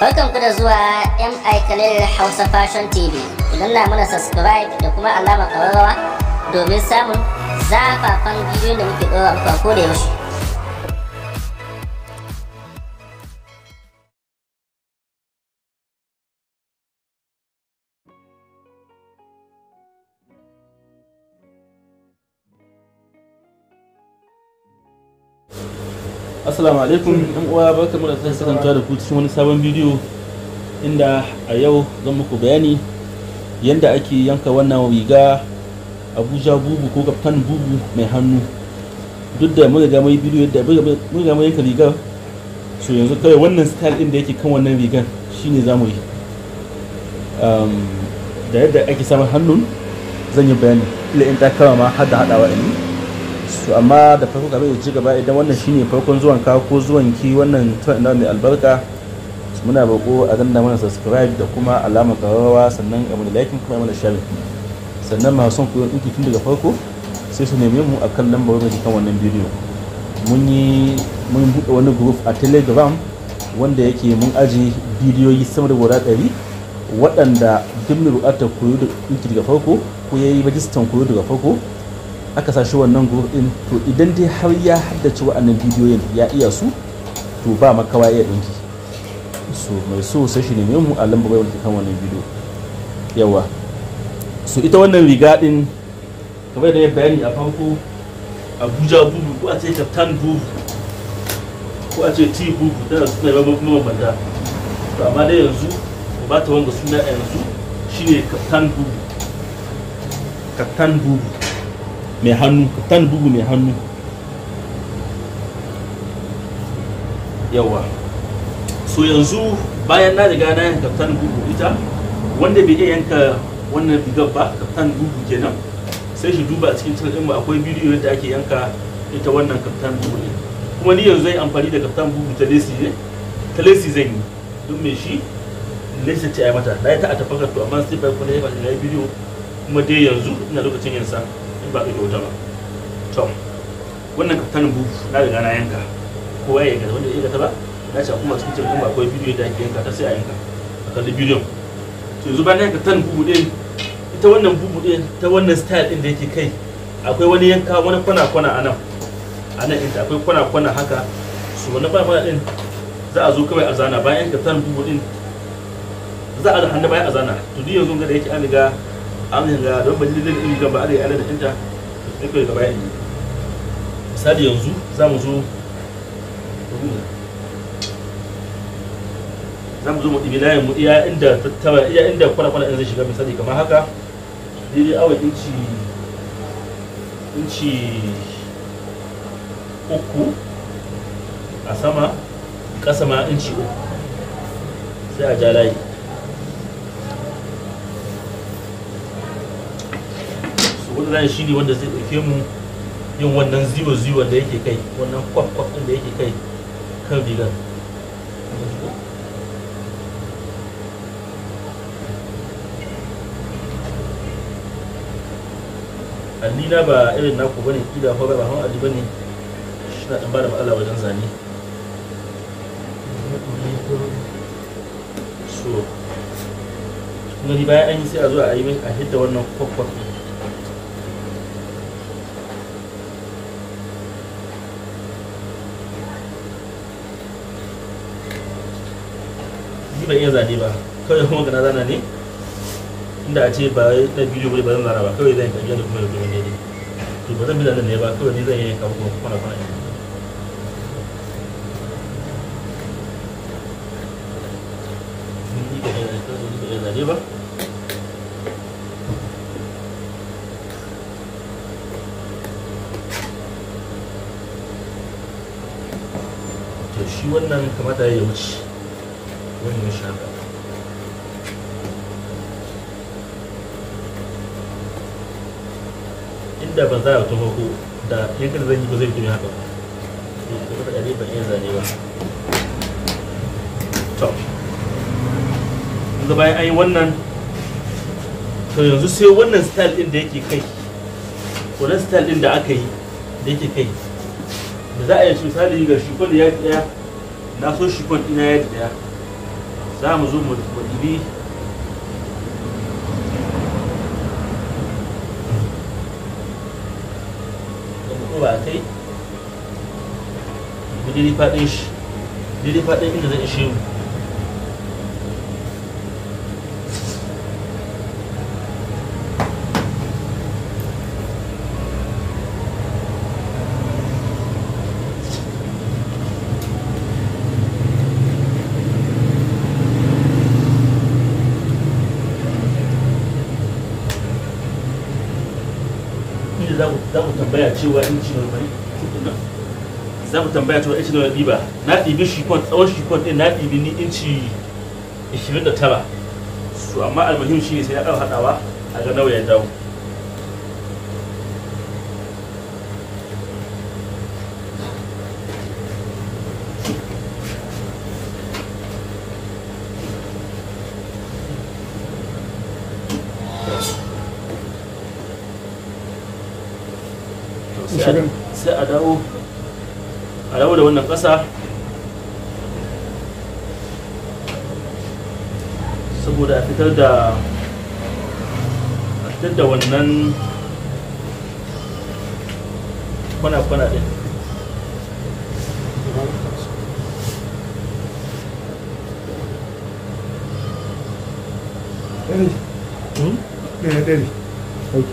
Barkan ku da zuwa MI Kalil Hausa Fashion TV. idan na mana subscribe da kuma alamar ƙararrawa domin samun zafafan bidiyon da muke ɗora muku a koda yaushe. assalamu alaikum ɗan uwa barka mu da sake sakantuwa da ku cikin wani sabon bidiyo inda a yau zan muku bayani yanda ake yanka wannan riga abuja bubu ko kaftan bubu mai hannu duk da mun riga mai bidiyo yadda mun riga mai yanka riga so yanzu kawai wannan style din da yake kan wannan rigar shine zamu yi da yadda ake samun hannun zan yi bayani ila in ta ma har haɗawa to amma da farko game da ci gaba idan wannan shine farkon zuwan ka ko zuwan ki wannan tuwa mai albarka muna bako a danna mana subscribe da kuma alamar kararrawa sannan abu da like kuma mana share sannan masu son koyon ɗinki tun daga farko sai su neme mu akan lambar mai kan wannan bidiyo mun yi mun buɗe wani group a telegram wanda yake mun aji bidiyoyi sama da guda ɗari waɗanda duk mai buƙatar koyo da ɗinki daga farko ko ya yi rajistan koyo daga farko aka sa wannan group din to idan dai har ya haddace wa'annan bidiyoyin ya iya su to ba makawa ya dinki so mai so sai shi neme mu a lambar wayar kan wannan bidiyo yawa so ita wannan riga din kamar da ya bayani a farko abuja bubu ko a ce captain bubu ko a ce ti bubu tana suna banda to amma dai yanzu ba ta wanda suna a yanzu shine captain bubu captain bubu mai hannu tan bugu mai hannu yawa so yanzu bayan na riga na yanka tan bugu ita wanda bai iya yanka wannan bigar ba kaftan bugu kenan sai shi duba a cikin cikin mu akwai bidiyo yadda ake yanka ita wannan kaftan bugu ne kuma ni yanzu zai amfani da kaftan bugu ta lesi ne ta lesi zan yi don me shi lesi ta yi mata na yi ta a tafakar to amma sai bai kuma ya yi bidiyo kuma dai yanzu ina lokacin yin sa ba ka da ba to wannan kaftanin bufu na riga na yanka ko ya yanka wanda ya yanka ta ba na ce kuma cikin kuma akwai bidiyo da ake yanka ta sai a yanka a kalli bidiyon to yanzu bayan yanka tan bubu din ita wannan bubu din ta wannan style din da yake kai akwai wani yanka wani kwana kwana a a nan inda akwai kwana kwana haka su wani ba kwana din za a zo kawai a zana bayan yanka tan bubu din za a da hannu bayan a zana to duk yanzu ga da yake an riga an ga don ban jirgin iri gaba ala ya alada tinta ɗauke da bayan misali yanzu za mu zo za mu zo mu ɗibi layin mu iya inda tattara iya inda kwana-kwana ɗin zai shiga misali kamar haka daidai awa inci inci uku a sama ƙasa ma inci uku sai a ja layi wanda zai shi ne wanda zai ɗauke mu yin wannan ziwa ziwa da yake kai wannan kwaf kwaf ɗin da yake kai kan rigar allina ba irin naku bane kida ko ba hawa ba ne shi na ɗan ba da wajen zane so na bayan an yi sai a zo a yi a hidda wannan kwakwakwa ban iya zane ba kawai kuma gana zana ne inda a ce ba na biyu ne ba zan zara ba kawai zan karya da kuma yau ne to ba zan bi zanen ne ba kawai ne zan yi kawo kuma kuma kuma ne shi wannan kamata ya wuce wani ya shafa inda ban za a ta farko da yankin zan yi ba zai fito haka ba ya eh, ta ɗari ban iya zane ba to yanzu bayan an yi wannan to yanzu sai wannan style ɗin da yake kai wannan style ɗin da aka yi da yake kai da za a yi misali ga shikon da ya ɗaya na so shikon ɗina ya ɗaya za mu zo mu bi ba kai mu dai faɗin shi dai faɗin inda zai ishe mu tambaya cewa in ci za mu tambaya cewa inci nawa ba na ɗibi shi kwan tsawon shi kwan ɗin na ɗibi ni inci 29 su amma almuhim shi ne sai ya ƙara haɗawa a ga nawa ya dawo sai a dawo a dawo da wannan ƙasa saboda a fitar da a fitar da wannan kwana-kwana ɗin ɗari hmm? ɗari ɗari ok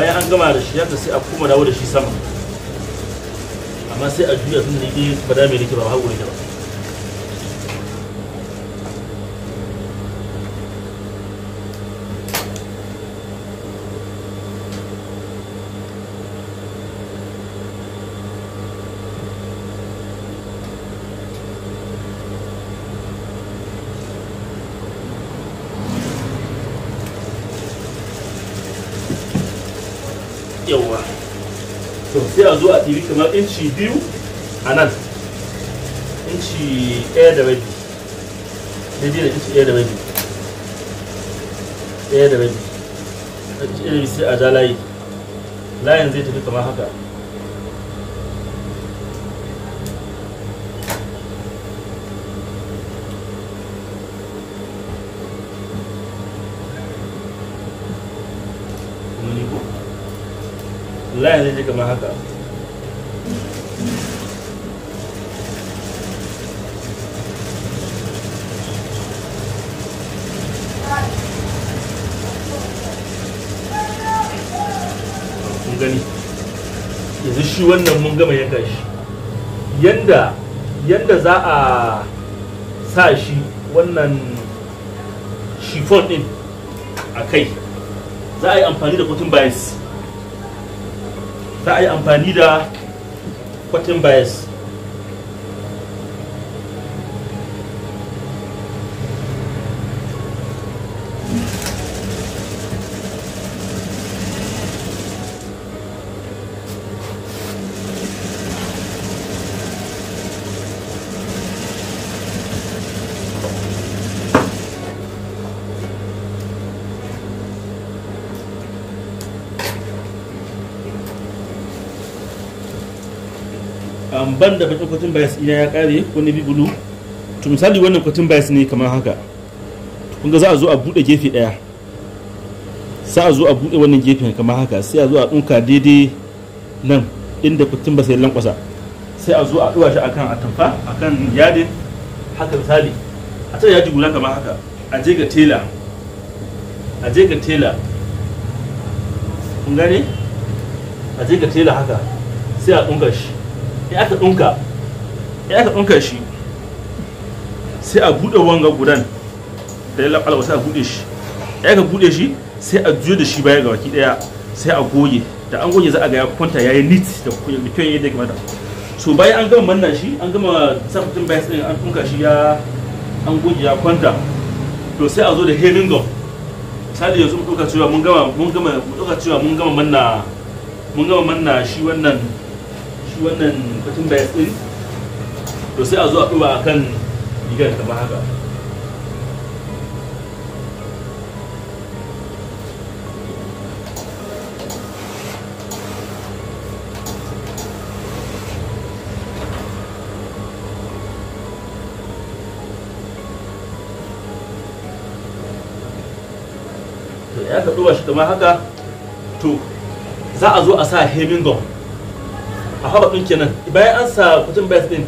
bayan an gama da shi ya sai a kuma dawo da shi sama amma sai a juya tun da yake fada mai nake ba hagu yake ba to sai a zo a ɗibi kamar inci biyu a nan inci ɗaya da rabi daidai da inci ɗaya da rabi ɗaya da rabi ɗaya sai a ja layi layin zai tafi kamar haka wallahi zai ji kamar haka gani yanzu shi wannan mun gama yanka shi yanda yanda za a sa shi wannan shifon din a kai za a yi amfani da kotun bias za a yi amfani da kwatin bias ban da bakin kwatin bias ina ya kare ko ne bibulu to misali wannan kwatin bias ne kamar haka kun ga za a zo a bude gefe daya sai a zo a bude wannan gefen kamar haka sai a zo a dunka daidai nan inda kwatin ba sai lankwasa sai a zo a duwa shi akan atamfa akan yadin haka misali a ta yaji guda kamar haka a je ga tela a je ga tela kun gane a je ga tela haka sai a dunka shi ya ka ɗunka ya ka ɗunka shi sai a buɗe wanga gudan da ya laɓa sai a buɗe shi ya aka buɗe shi sai a juyo da shi baya ga baki ɗaya sai a goge da an goge za a ga ya kwanta ya yi nit da kyau yadda ya kamata so bayan an gama manna shi an gama sabbin bayan ɗin an ɗunka shi ya an goge ya kwanta to sai a zo da hailing gum misali yanzu mun ɗauka cewa mun gama mun gama mun ɗauka cewa mun gama manna mun gama manna shi wannan wannan kwacin bias din to sai a zo a duba akan rigar kamar haka ya ka duba shi kamar haka to za a zo a sa hemingon a haɓa ɗin kenan bayan an sa kutun bayas ɗin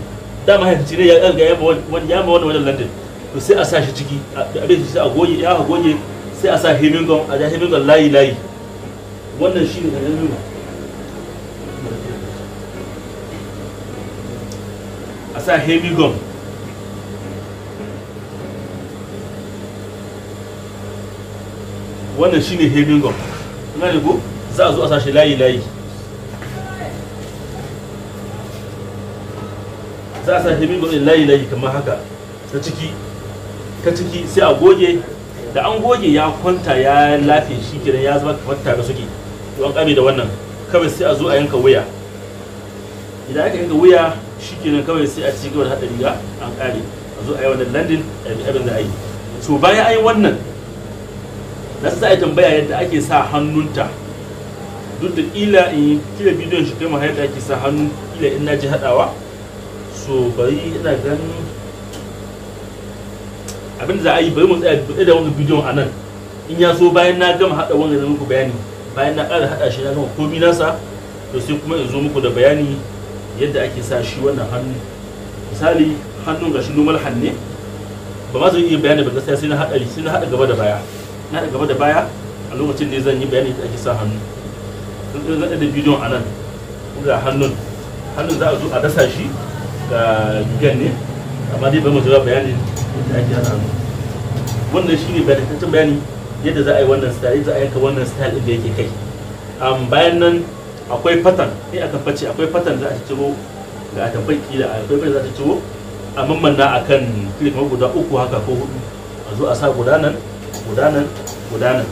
dama mahaifinci ne ya ga ya wani wani wajen landin to sai a sa shi ciki abin shi a goye ya a goye sai a sa hemingon a ja hemingon layi layi wannan shi ne da hemingon a sa hemingon wannan shi ne hemingon ina ne ko za a zo a sa shi layi layi za a sa shi bibin layi layi kamar haka ta ciki ta ciki sai a goge da an goge ya kwanta ya lafe shi kira ya zama kamar tare suke to an kame da wannan kawai sai a zo a yanka wuya idan aka yanka wuya shi kira kawai sai a ci gaba da haɗa riga an kare a zo a yi wannan landin a yi abin da a yi so bayan an yi wannan na sa a tambaya yadda ake sa hannunta duk da kila in kila bidiyon shi kai ma ake sa hannu kila in na ji haɗawa so bari ina ganin abin da za a yi bari mu tsaya da wannan bidiyon a nan in ya so bayan na gama hada wannan da muku bayani bayan na ƙara hada shi na gama komi nasa to sai kuma in zo muku da bayani yadda ake sa shi wannan hannu misali hannun ga shi normal hannu ba ma zan iya bayani ba gaskiya sai na hada shi na hada gaba da baya na hada gaba da baya a lokacin ne zan yi bayani yadda ake sa hannu zan ɗaɗa da bidiyon a nan ga hannun hannun za a zo a dasa shi ga gigan ne amma zai bai mutuwa bayanin yadda ake hana wannan shi ne bayanatattun bayani yadda za a yi wannan style yadda za a yanka wannan style da yake kai bayan nan akwai fatan sai aka face akwai fatan za a ciro ga atabbai kila akwai fatan za a ciro a mammanna a kan kilif guda uku haka ko hudu a zo a sa guda nan guda nan guda nan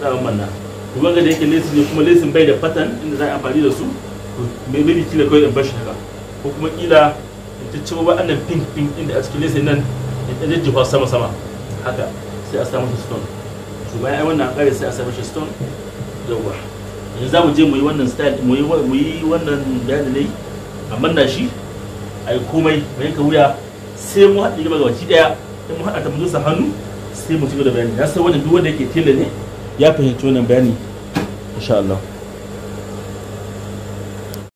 za a mammanna duk wanda da yake lesin ne kuma lesin bai da fatan inda za a amfani da su mai bibi kila kawai in bashi haka ko kuma kila ta ci annan pink pink inda a cikin lesa nan ya jajjefa sama sama haka sai a samu shi stone to bayan ai wannan kare sai a samu shi stone yawa yanzu za mu je mu yi wannan style mu yi wannan bayani ne a na shi a yi komai mu yanka wuya sai mu haɗa gaba gabaki ɗaya in mu haɗa ta mu sa hannu sai mu ci gaba da bayani na san wannan duk wanda yake tela ne ya fahimci wannan bayani insha Allah